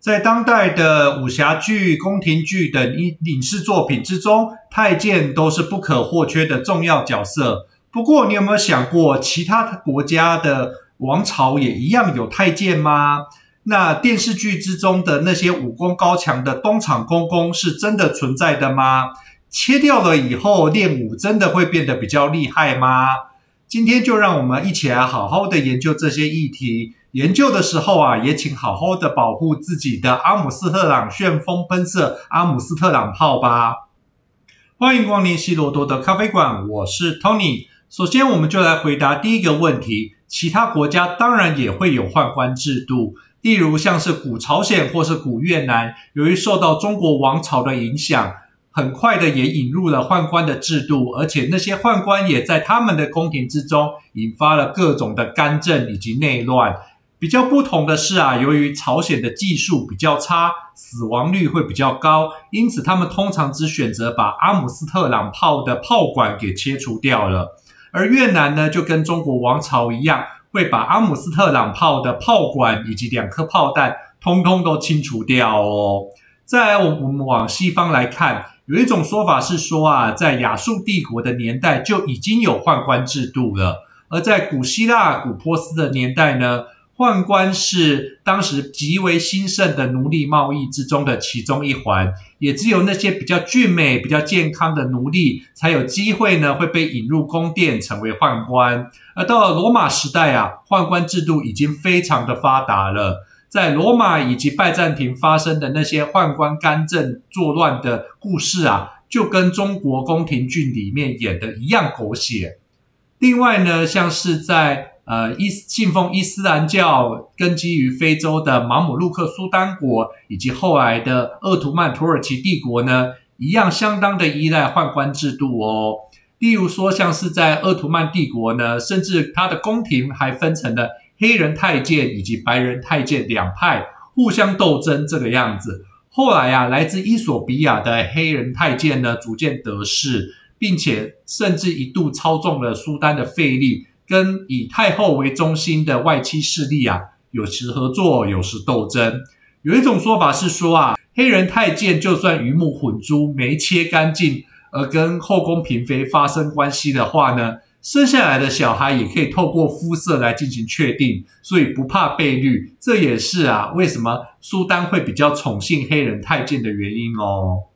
在當代的武俠劇、宮廷劇等影影視作品之中，太監都是不可或缺的重要角色。不過，你有沒有想過，其他國家的王朝也一樣有太監嗎？那電視劇之中的那些武功高強的東廠公公，是真的存在的嗎？切掉了以後練武，真的會變得比較厲害嗎？今天就讓我們一起來好好的研究這些議題。研究的時候啊，也請好好的保護自己的阿姆斯特朗旋風噴射阿姆斯特朗炮吧。歡迎光臨希羅多的咖啡館，我是 Tony。首先，我們就來回答第一個問題：其他國家當然也會有宦官制度，例如像是古朝鮮或是古越南，由於受到中國王朝的影響，很快的也引入了宦官的制度，而且那些宦官也在他們的宮廷之中引發了各種的干政以及內亂。比較不同的是啊，由於朝鮮的技術比較差，死亡率會比較高，因此他們通常只選擇把阿姆斯特朗炮的炮管給切除掉了。而越南呢，就跟中國王朝一樣，會把阿姆斯特朗炮的炮管以及兩顆炮彈通通都清除掉哦。再來，我們往西方來看，有一種說法是說啊，在亞述帝國的年代就已經有宦官制度了，而在古希臘古波斯的年代呢，宦官是當時極為興盛的奴隸貿易之中的其中一環，也只有那些比較俊美、比較健康的奴隸才有機會呢，會被引入宮殿成為宦官。而到了羅馬時代啊，宦官制度已經非常的發達了，在羅馬以及拜占庭發生的那些宦官幹政作亂的故事啊，就跟中國宮廷劇裡面演的一樣狗血。另外呢，像是在呃，伊信奉伊斯蘭教，根基於非洲的馬姆魯克蘇丹國，以及後來的鄂圖曼土耳其帝國呢，一樣相當的依賴宦官制度哦。例如說，像是在鄂圖曼帝國呢，甚至他的宮廷還分成了黑人太監以及白人太監兩派，互相鬥爭這個樣子。後來啊，來自伊索比亞的黑人太監呢，逐漸得勢，並且甚至一度操縱了蘇丹的廢立。跟以太后為中心的外戚勢力啊，有時合作，有時鬥爭。有一種說法是說啊，黑人太監就算魚目混珠，沒切乾淨，而跟後宮嬪妃發生關係的話呢，生下來的小孩也可以透過膚色來進行確定，所以不怕被綠。這也是啊，為什麼苏丹會比較寵幸黑人太監的原因哦。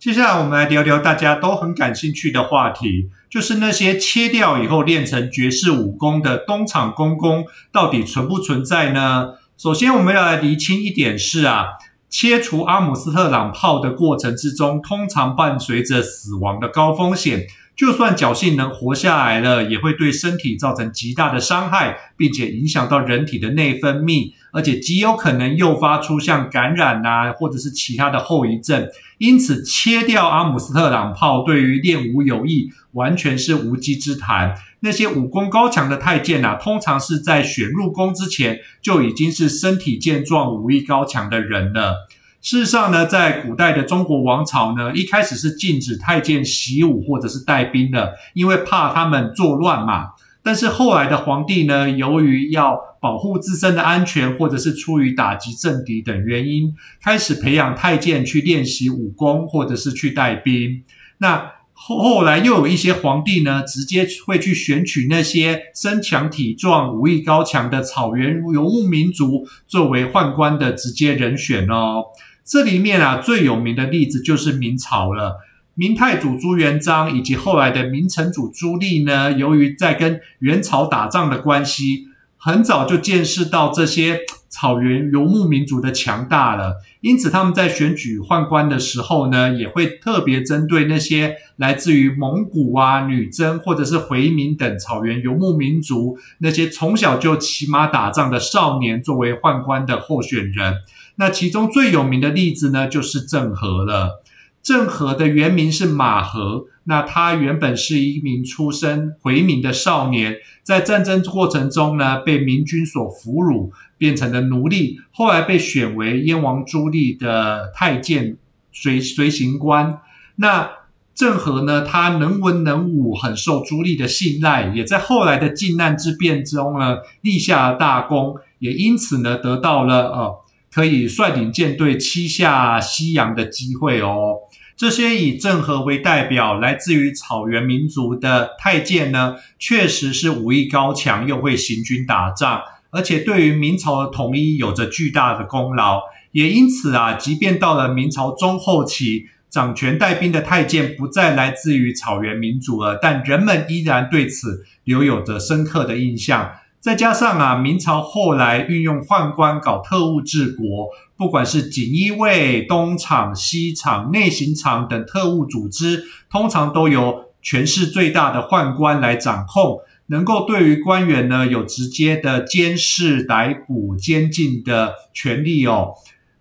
接下來，我們來聊聊大家都很感興趣的話題，就是那些切掉以後練成絕世武功的東廠公公到底存不存在呢？首先，我們要來釐清一點是啊，切除阿姆斯特朗炮的過程之中，通常伴隨着死亡的高風險，就算僥幸能活下來了，也會對身體造成極大的傷害，並且影響到人體的內分泌。而且極有可能誘發出像感染吶、啊，或者是其他的後遺症。因此，切掉阿姆斯特朗炮對於練武有益，完全是無稽之談。那些武功高強的太監吶、啊，通常是在選入宮之前就已經是身體健壯、武藝高強的人了。事實上呢，在古代的中國王朝呢，一開始是禁止太監習武或者是帶兵的，因為怕他們作亂嘛。但是後來的皇帝呢，由於要保護自身的安全，或者是出於打擊政敵等原因，開始培養太監去練習武功，或者是去帶兵。那後後來又有一些皇帝呢，直接會去選取那些身強體壯、武藝高強的草原游牧民族作為宦官的直接人選哦。這裡面啊，最有名的例子就是明朝了。明太祖朱元璋以及後來的明成祖朱棣呢，由於在跟元朝打仗的關係，很早就見識到這些草原游牧民族的強大了。因此，他們在選舉宦官的時候呢，也會特別針對那些來自於蒙古啊、女真或者是回民等草原游牧民族那些從小就騎馬打仗的少年作為宦官的候選人。那其中最有名的例子呢，就是鄭和了。鄭和的原名是馬和，那他原本是一名出身回民的少年，在戰爭過程中呢，被明軍所俘虜，變成了奴隸。後來被選為燕王朱棣的太監隨隨，隨行官。那鄭和呢，他能文能武，很受朱棣的信賴，也在後來的靖難之變中呢立下了大功，也因此呢得到了呃可以率領艦隊七下西洋的機會哦。這些以鄭和為代表，來自於草原民族的太監呢，確實是武藝高強，又會行軍打仗，而且對於明朝的統一有着巨大的功勞。也因此啊，即便到了明朝中後期，掌權帶兵的太監不再來自於草原民族了，但人們依然對此留有，有着深刻的印象。再加上啊，明朝後來運用宦官搞特務治國。不管是錦衣衛、東廠、西廠、內行廠等特務組織，通常都由權勢最大的宦官來掌控，能夠對於官員呢有直接的監視、逮捕、監禁的權力哦。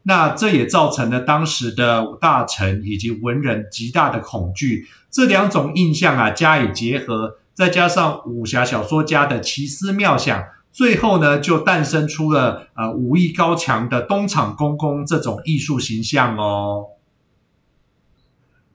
那這也造成了當時的大臣以及文人極大的恐懼。這兩種印象啊，加以結合，再加上武俠小說家的奇思妙想。最後呢，就誕生出了呃武藝高強的東廠公公這種藝術形象哦。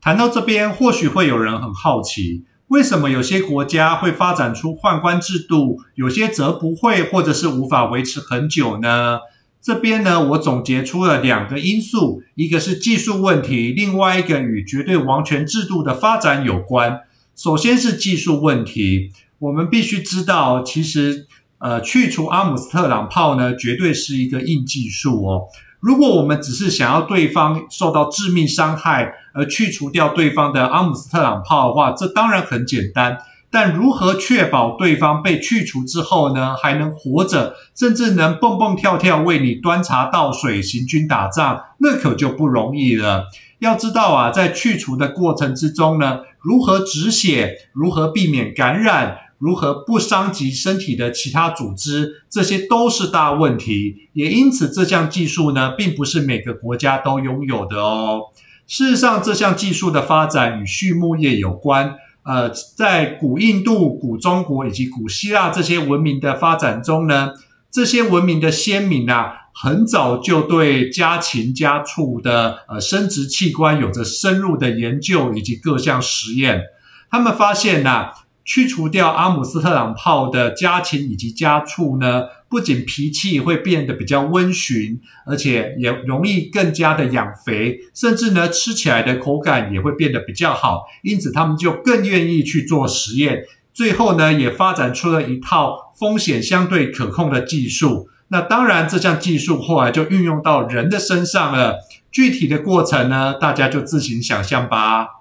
談到這邊，或許會有人很好奇，為什麼有些國家會發展出宦官制度，有些則不會，或者是無法維持很久呢？這邊呢，我總結出了兩個因素，一個是技術問題，另外一個與絕對王權制度的發展有關。首先是技術問題，我們必須知道，其實。呃，去除阿姆斯特朗炮呢，絕對是一個硬技術哦。如果我們只是想要對方受到致命傷害，而去除掉對方的阿姆斯特朗炮的話，這當然很簡單。但如何確保對方被去除之後呢，還能活着，甚至能蹦蹦跳跳為你端茶倒水、行軍打仗，那可就不容易了。要知道啊，在去除的過程之中呢，如何止血，如何避免感染，如何不傷及身體的其他組織，這些都是大問題。也因此，這項技術呢，並不是每個國家都擁有的哦。事實上，這項技術的發展與畜牧業有關。呃，在古印度、古中國以及古希臘這些文明的發展中呢，這些文明的先民啊，很早就對家禽家畜的，呃，生殖器官有着深入的研究以及各項實驗。他們發現啊。去除掉阿姆斯特朗炮的家禽以及家畜呢，不僅脾氣會變得比較溫馴，而且也容易更加的養肥，甚至呢吃起來的口感也會變得比較好。因此，他們就更願意去做實驗，最後呢也發展出了一套風險相對可控的技術。那當然，這項技術後來就運用到人的身上了。具體的過程呢，大家就自行想象吧。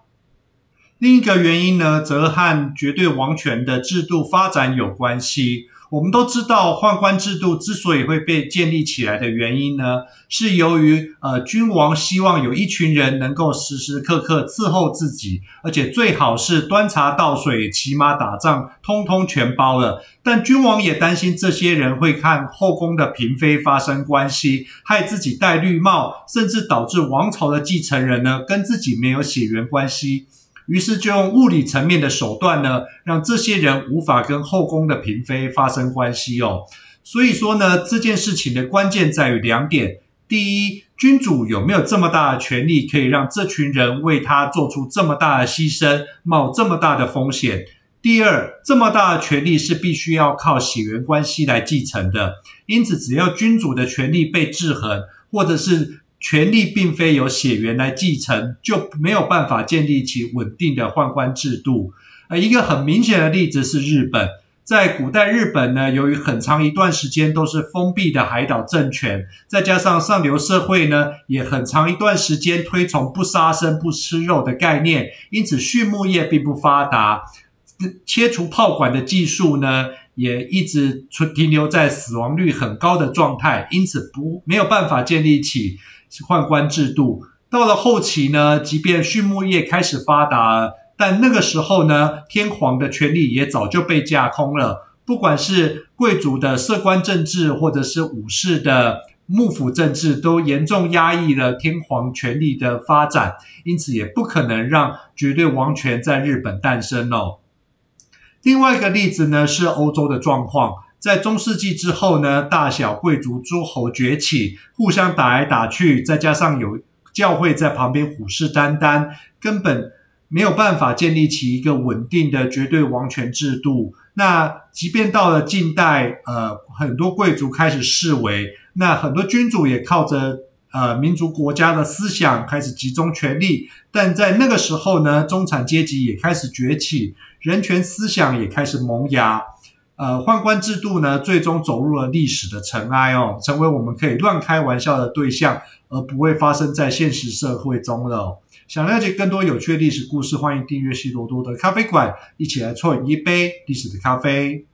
另一個原因呢，則和絕對王權的制度發展有關係。我們都知道，宦官制度之所以會被建立起來的原因呢，是由於呃，君王希望有一群人能夠時時刻刻伺候自己，而且最好是端茶倒水、騎馬打仗，通通全包了。但君王也擔心這些人會看後宮的嬪妃發生關係，害自己戴綠帽，甚至導致王朝的繼承人呢，跟自己沒有血緣關係。於是就用物理層面的手段呢，讓這些人無法跟後宮的嬪妃發生關係哦。所以說呢，這件事情的關鍵在於兩點：第一，君主有沒有這麼大的權力，可以讓這群人為他做出這麼大的犧牲，冒這麼大的風險？第二，這麼大的權力是必須要靠血緣關係來繼承的。因此，只要君主的權力被制衡，或者是權力並非由血緣來繼承，就沒有辦法建立起穩定的宦官制度。呃，一個很明顯的例子是日本，在古代日本呢，由於很長一段時間都是封閉的海島政權，再加上上流社會呢，也很長一段時間推崇不殺生、不吃肉的概念，因此畜牧業並不發達。切除炮管的技術呢，也一直存停留在死亡率很高的狀態，因此不沒有辦法建立起宦官制度。到了後期呢，即便畜牧業開始發達，但那個時候呢，天皇的權力也早就被架空了。不管是貴族的攝關政治，或者是武士的幕府政治，都嚴重壓抑了天皇權力的發展，因此也不可能讓絕對王權在日本誕生哦。另外一個例子呢，是歐洲的狀況。在中世紀之後呢，大小貴族諸侯崛起，互相打來打去，再加上有教會在旁邊虎視眈眈，根本沒有辦法建立起一個穩定的絕對王權制度。那即便到了近代，呃，很多貴族開始式微，那很多君主也靠着。呃，民族國家的思想開始集中權力，但在那個時候呢，中產階級也開始崛起，人權思想也開始萌芽。呃，宦官制度呢，最終走入了歷史的塵埃哦，成為我們可以亂開玩笑的對象，而不會發生在現實社會中了哦。想了解更多有趣的歷史故事，歡迎訂閱希羅多德的咖啡館，一起來啜飲一杯歷史的咖啡。